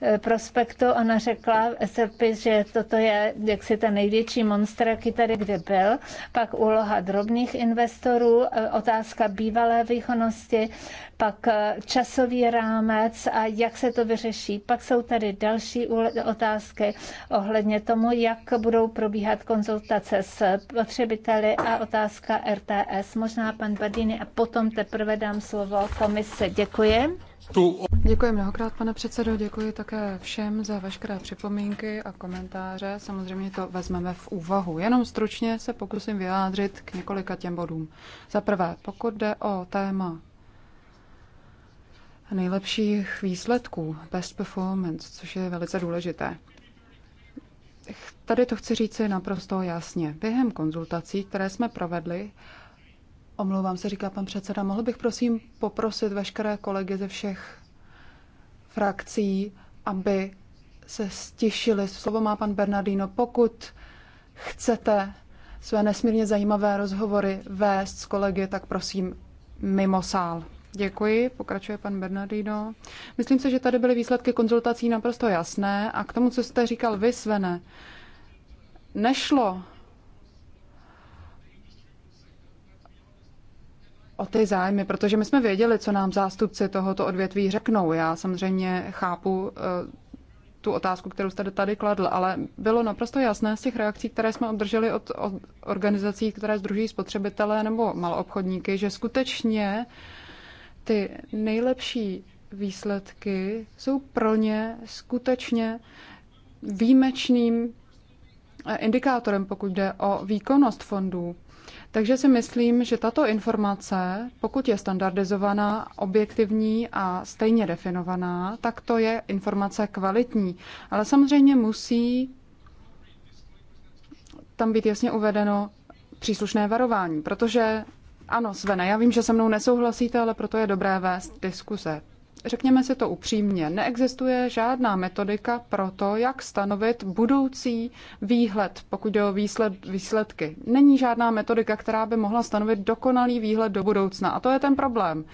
Eh, prospektu. Ona řekla SRP, že toto je jaksi ten největší monster, který tady kdy byl. Pak úloha drobných investorů, o otázka bývalé výkonnosti, pak eh, časový rámec a jak se to vyřeší. Pak jsou tady další otázky ohledně tomu, jak budou probíhat konzultace s potřebiteli a otázka RTS. Možná pan Badini a potom teprve dám slovo komise. Děkuji. Děkuji mnohokrát, pane předsedo, děkuji také všem za veškeré připomínky a komentáře. Samozřejmě to vezmeme v úvahu. Jenom stručně se pokusím vyjádřit k několika těm bodům. Za prvé, pokud jde o téma nejlepších výsledků, best performance, což je velice důležité. Tady to chci říci naprosto jasně. Během konzultací, které jsme provedli, Omlouvám se, říká pan předseda. Mohl bych prosím poprosit veškeré kolegy ze všech frakcí, aby se stišili. Slovo má pan Bernardino. Pokud chcete své nesmírně zajímavé rozhovory vést s kolegy, tak prosím mimo sál. Děkuji, pokračuje pan Bernardino. Myslím se, že tady byly výsledky konzultací naprosto jasné a k tomu, co jste říkal vy, Svene, nešlo o ty zájmy, protože my jsme věděli, co nám zástupci tohoto odvětví řeknou. Já samozřejmě chápu eh, tu otázku, kterou jste tady kladl, ale bylo naprosto jasné z těch reakcí, které jsme obdrželi od, od organizací, které združují spotřebitele nebo maloobchodníky, že skutečně ty nejlepší výsledky jsou pro ně skutečně výjimečným eh, indikátorem, pokud jde o výkonnost fondů. Takže si myslím, že tato informace, pokud je standardizovaná, objektivní a stejně definovaná, tak to je informace kvalitní. Ale samozřejmě musí tam být jasně uvedeno příslušné varování, protože ano, Svene, já vím, že se mnou nesouhlasíte, ale proto je dobré vést diskuze. Řekněme si to upřímně, neexistuje žádná metodika pro to, jak stanovit budoucí výhled, pokud jde o výsled, výsledky. Není žádná metodika, která by mohla stanovit dokonalý výhled do budoucna. A to je ten problém,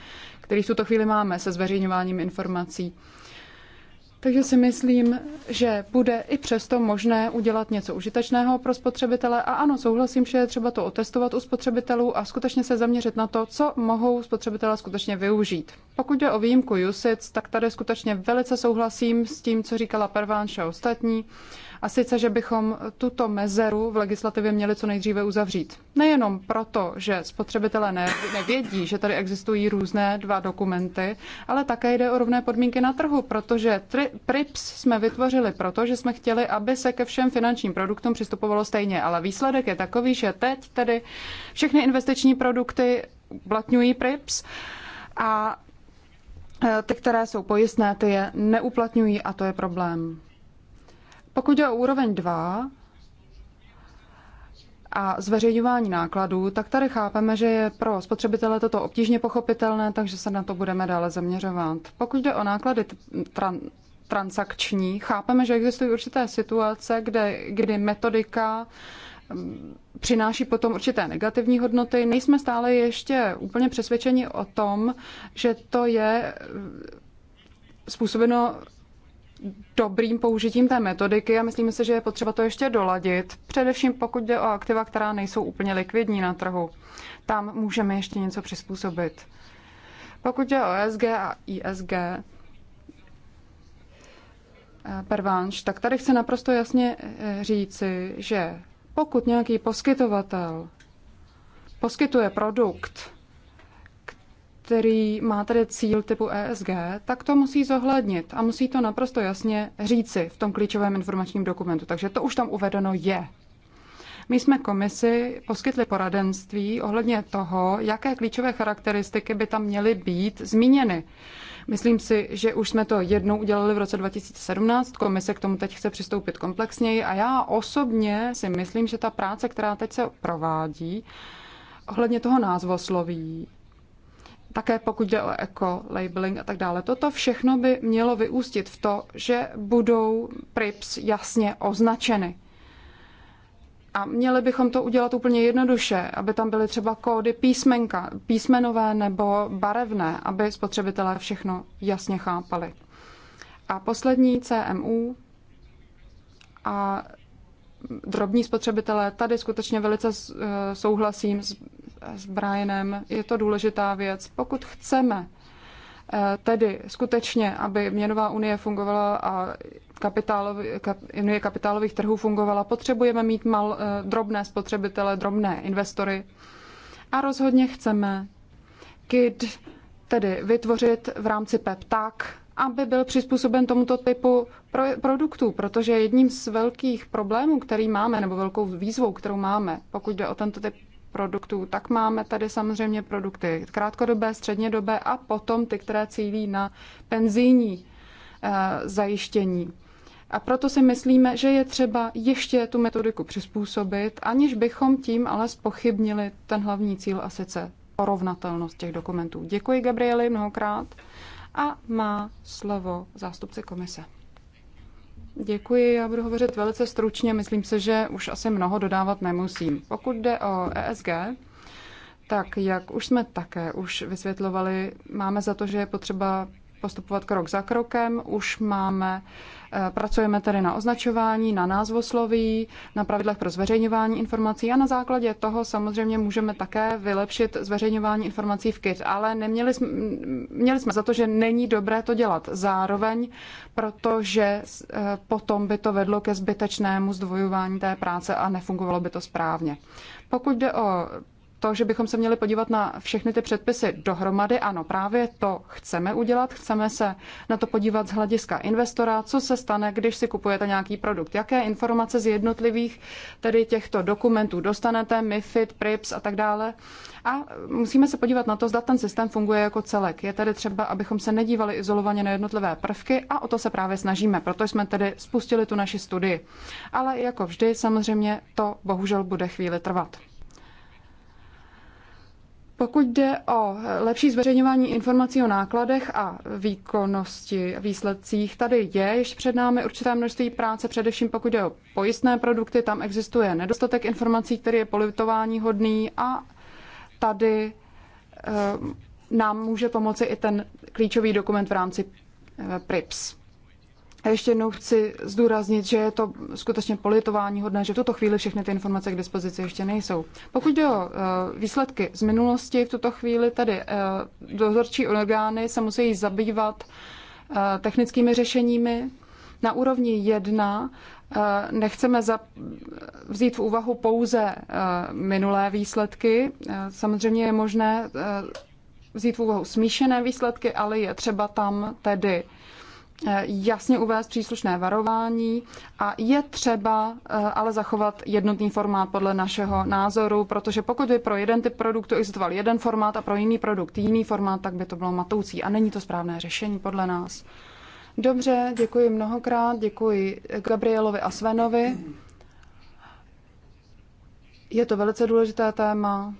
který v tuto chvíli máme se zveřejňováním informací takže si myslím, že bude i přesto možné udělat něco užitečného pro spotřebitele. A ano, souhlasím, že je třeba to otestovat u spotřebitelů a skutečně se zaměřit na to, co mohou spotřebitelé skutečně využít. Pokud jde o výjimku USIC, tak tady skutečně velice souhlasím s tím, co říkala Pervánša ostatní. A sice, že bychom tuto mezeru v legislativě měli co nejdříve uzavřít. Nejenom proto, že spotřebitelé nevědí, že tady existují různé dva dokumenty, ale také jde o rovné podmínky na trhu, protože tri, PRIPS jsme vytvořili proto, že jsme chtěli, aby se ke všem finančním produktům přistupovalo stejně. Ale výsledek je takový, že teď tedy všechny investiční produkty uplatňují PRIPS a e, ty, které jsou pojistné, ty je neuplatňují a to je problém. Pokud je o úroveň 2 a zveřejňování nákladů, tak tady chápeme, že je pro spotřebitele toto obtížně pochopitelné, takže se na to budeme dále zaměřovat. Pokud jde o náklady tran- transakční, chápeme, že existují určité situace, kde, kdy metodika mm, přináší potom určité negativní hodnoty. Nejsme stále ještě úplně přesvědčeni o tom, že to je mm, způsobeno dobrým použitím té metodiky a myslíme si, že je potřeba to ještě doladit, především pokud jde o aktiva, která nejsou úplně likvidní na trhu. Tam můžeme ještě něco přizpůsobit. Pokud jde o ESG a ISG, eh, Pervánš, tak tady chci naprosto jasně eh, říci, že pokud nějaký poskytovatel poskytuje produkt, který má tedy cíl typu ESG, tak to musí zohlednit a musí to naprosto jasně říci v tom klíčovém informačním dokumentu. Takže to už tam uvedeno je. My jsme komisi poskytli poradenství ohledně toho, jaké klíčové charakteristiky by tam měly být zmíněny. Myslím si, že už jsme to jednou udělali v roce 2017, komise k tomu teď chce přistoupit komplexněji a já osobně si myslím, že ta práce, která teď se provádí, ohledně toho názvosloví, také pokud jde o eco-labeling a tak dále. Toto všechno by mělo vyústit v to, že budou PRIPS jasně označeny. A měli bychom to udělat úplně jednoduše, aby tam byly třeba kódy písmenka, písmenové nebo barevné, aby spotřebitelé všechno jasně chápali. A poslední CMU a drobní spotřebitelé, tady skutečně velice souhlasím s s Brianem, je to důležitá věc. Pokud chceme eh, tedy skutečně, aby měnová unie fungovala a kapitálový unie kapitálových trhů fungovala, potřebujeme mít mal, eh, drobné spotřebitele, drobné investory. A rozhodně chceme KID tedy vytvořit v rámci PEP tak, aby byl přizpůsoben tomuto typu pro, produktů, protože jedním z velkých problémů, který máme, nebo velkou výzvou, kterou máme, pokud jde o tento typ produktů, tak máme tady samozřejmě produkty krátkodobé, střednědobé a potom ty, které cílí na penzijní eh, zajištění. A proto si myslíme, že je třeba ještě tu metodiku přizpůsobit, aniž bychom tím ale spochybnili ten hlavní cíl a sice porovnatelnost těch dokumentů. Děkuji Gabrieli mnohokrát a má slovo zástupce komise. Děkuji, já budu hovořit velice stručně. Myslím se, že už asi mnoho dodávat nemusím. Pokud jde o ESG, tak jak už jsme také už vysvětlovali, máme za to, že je potřeba postupovat krok za krokem. Už máme, eh, pracujeme tedy na označování, na názvosloví, na pravidlech pro zveřejňování informací a na základě toho samozřejmě můžeme také vylepšit zveřejňování informací v KIT, ale neměli jsme, měli jsme za to, že není dobré to dělat zároveň, protože eh, potom by to vedlo ke zbytečnému zdvojování té práce a nefungovalo by to správně. Pokud jde o to, že bychom se měli podívat na všechny ty předpisy dohromady. Ano, právě to chceme udělat. Chceme se na to podívat z hlediska investora, co se stane, když si kupujete nějaký produkt, jaké informace z jednotlivých tedy těchto dokumentů dostanete, MIFID, PRIPS a tak dále. A musíme se podívat na to, zda ten systém funguje jako celek. Je tedy třeba, abychom se nedívali izolovaně na jednotlivé prvky a o to se právě snažíme. Proto jsme tedy spustili tu naši studii. Ale jako vždy, samozřejmě to bohužel bude chvíli trvat. Pokud jde o lepší zveřejňování informací o nákladech a výkonnosti, výsledcích, tady je ještě před námi určité množství práce, především pokud jde o pojistné produkty, tam existuje nedostatek informací, který je politování hodný a tady eh, nám může pomoci i ten klíčový dokument v rámci eh, PRIPS. A ještě jednou chci zdůraznit, že je to skutečně politování hodné, že v tuto chvíli všechny ty informace k dispozici ještě nejsou. Pokud jde o eh, výsledky z minulosti, v tuto chvíli tady eh, dozorčí orgány se musí zabývat eh, technickými řešeními. Na úrovni jedna. nechceme vzít v úvahu pouze minulé výsledky. Samozřejmě je možné vzít v úvahu smíšené výsledky, ale je třeba tam tedy Eh, jasně uvést příslušné varování a je třeba eh, ale zachovat jednotný formát podle našeho názoru, protože pokud by pro jeden typ produktu existoval jeden formát a pro jiný produkt jiný formát, tak by to bylo matoucí a není to správné řešení podle nás. Dobře, děkuji mnohokrát, děkuji Gabrielovi a Svenovi. Je to velice důležité téma.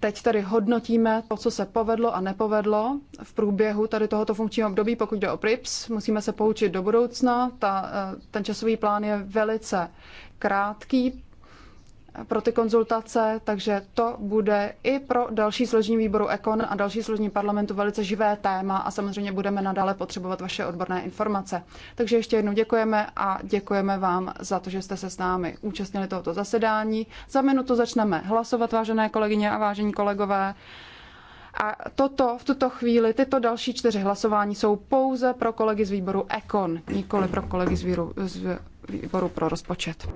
Teď tady hodnotíme to, co se povedlo a nepovedlo v průběhu tady tohoto funkčního období, pokud jde o PRIPS. Musíme se poučit do budoucna. Ta, eh, ten časový plán je velice krátký pro ty konzultace, takže to bude i pro další složení výboru Ekon a další složení parlamentu velice živé téma a samozřejmě budeme nadále potřebovat vaše odborné informace. Takže ještě jednou děkujeme a děkujeme vám za to, že jste se s námi účastnili tohoto zasedání. Za minutu začneme hlasovat, vážené kolegyně a vážení kolegové. A toto v tuto chvíli, tyto další čtyři hlasování jsou pouze pro kolegy z výboru Ekon, nikoli pro kolegy z výboru, z výboru pro rozpočet.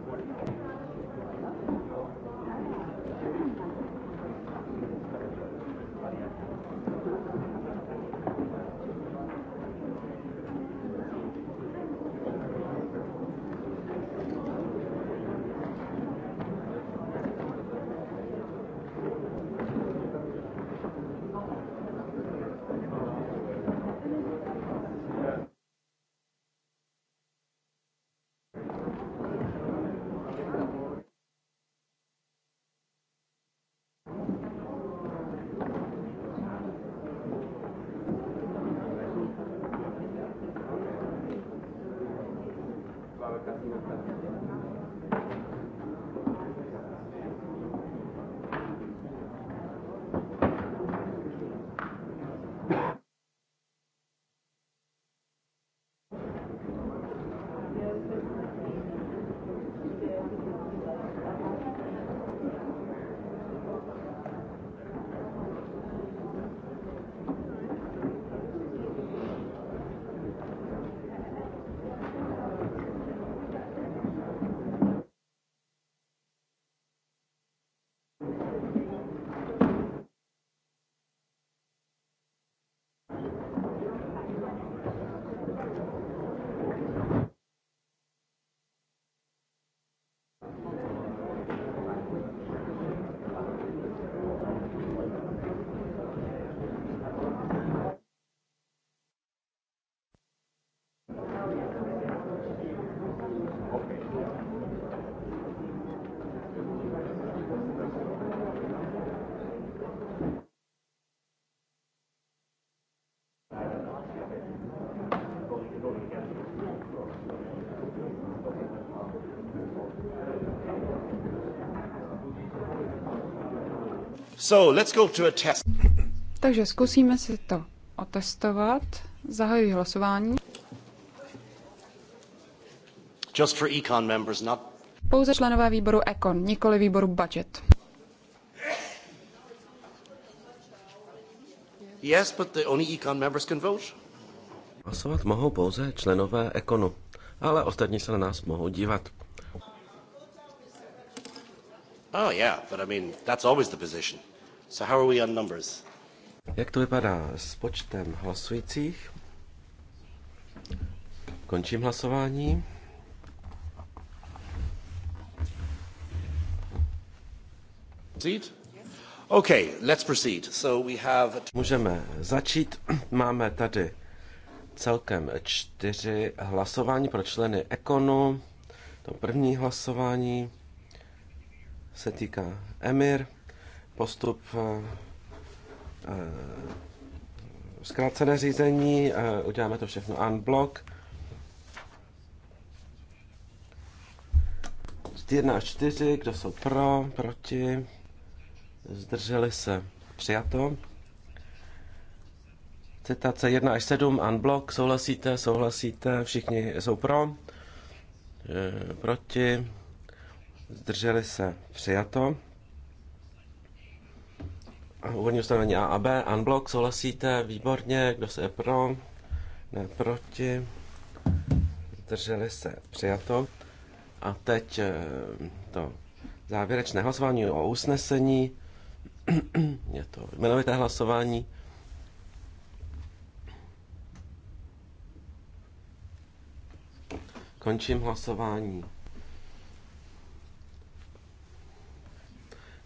So, let's go to a test. Takže zkusíme si to otestovat. Zahajuji hlasování. Just for econ members, not... Pouze členové výboru Econ, nikoli výboru Budget. Yes, but the only econ members can vote. Hlasovat mohou pouze členové Econu, ale ostatní se na nás mohou dívat. Oh yeah, but I mean, that's always the position. So how are we on numbers? Jak to vypadá s počtem hlasujících? Končím hlasování. Proceed? Okay, let's proceed. So we have... Můžeme začít. Máme tady celkem čtyři hlasování pro členy Ekonu. To první hlasování se týká Emir postup eh, eh, zkrácené řízení, eh, uděláme to všechno unblock. Z 1 až 4, kdo jsou pro, proti, zdrželi se, přijato. Citace 1 až 7, unblock, souhlasíte, souhlasíte, všichni jsou pro, proti, zdrželi se, přijato. Úvodní ustanovení A a B, unblock, souhlasíte, výborně, kdo se je pro, ne proti, zdrželi se, přijato. A teď eh, to závěrečné hlasování o usnesení, je to jmenovité hlasování, Končím hlasování.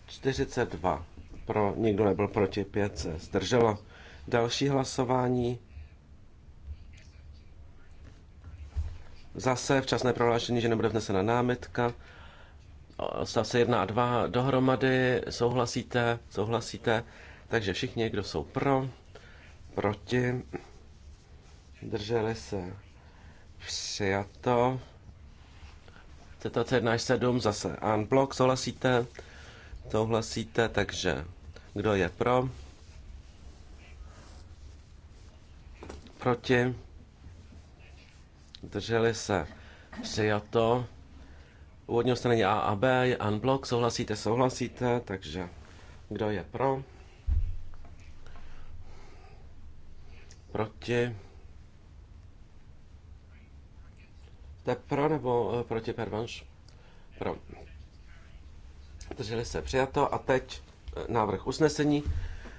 42 pro, nikdo nebyl proti, pět se zdrželo. Další hlasování. Zase včasné prohlášení, že nebude vnesena námitka. Zase jedna a dva dohromady. Souhlasíte? Souhlasíte? Takže všichni, kdo jsou pro, proti, drželi se přijato. Citace 1 až 7 zase unblock, souhlasíte? Souhlasíte, takže kdo je pro? Proti? Drželi se. Přijato. Úvodní ustanovení A a B je unblock. Souhlasíte, souhlasíte, takže kdo je pro? Proti? Jste pro nebo eh, proti pervanš? Pro. Drželi se přijato a teď návrh usnesení.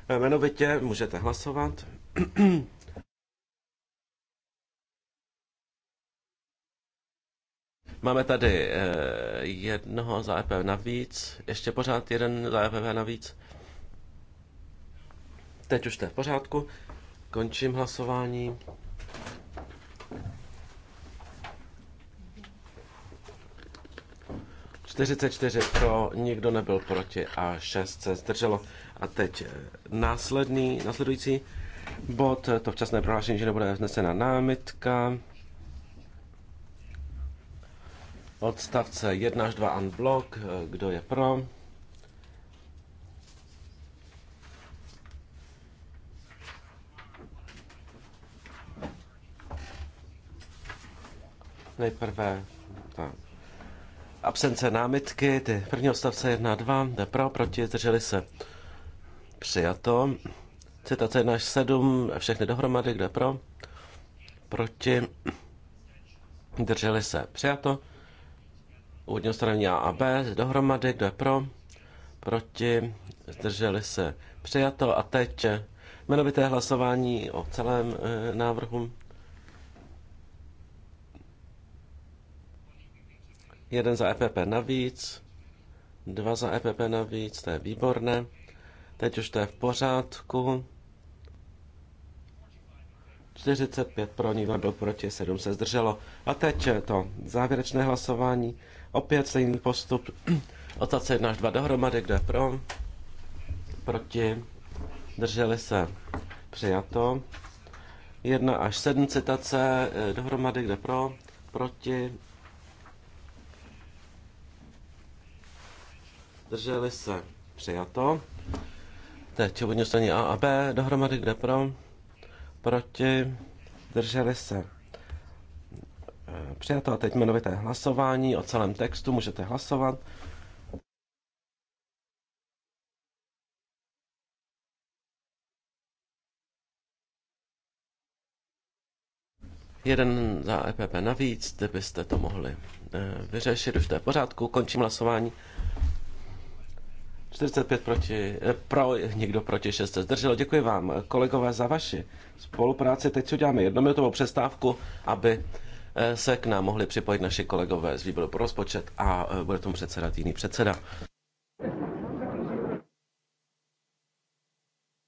E, jmenovitě můžete hlasovat. Máme tady e, jednoho za EPV navíc, ještě pořád jeden za EPV navíc. Teď už to je v pořádku. Končím hlasování. 44 pro, nikdo nebyl proti a 6 se zdrželo. A teď eh, následný, následující bod, eh, to včasné prohlášení, že nebude vznesena námitka. Odstavce 1 až 2 unblock, eh, kdo je pro? Nejprve tak absence námitky, ty první odstavce 1 a 2, pro, proti, zdrželi se. Přijato. Citace 1 až 7, všechny dohromady, kde pro, proti, drželi se. Přijato. Úvodní odstranění A a B dohromady, kde pro, proti, zdrželi se. Přijato a teď jmenovité hlasování o celém eh, návrhu. Jeden za EPP navíc, dva za EPP navíc, to je výborné. Teď už to je v pořádku. 45 pro, nikdo byl proti, 7 se zdrželo. A teď je to závěrečné hlasování. Opět stejný postup. Odstavce 1 až 2 dohromady, kde pro, proti, drželi se přijato. 1 až 7 citace eh, dohromady, kde pro, proti, Drželi se, přijato. Teď úvodní ustanovení A a B dohromady, kde pro, proti, Drželi se, e, přijato. A teď jmenovité hlasování o celém textu, můžete hlasovat. jeden za EPP navíc, kdybyste to mohli e, vyřešit, už to je v pořádku, končím hlasování. 45 proti, eh, pro, někdo proti 6 se zdržel. Děkuji vám, kolegové, za vaši spolupráci. Teď si uděláme jednominutovou přestávku, aby eh, se k nám mohli připojit naši kolegové z výboru pro rozpočet a eh, bude tomu předsedat jiný předseda.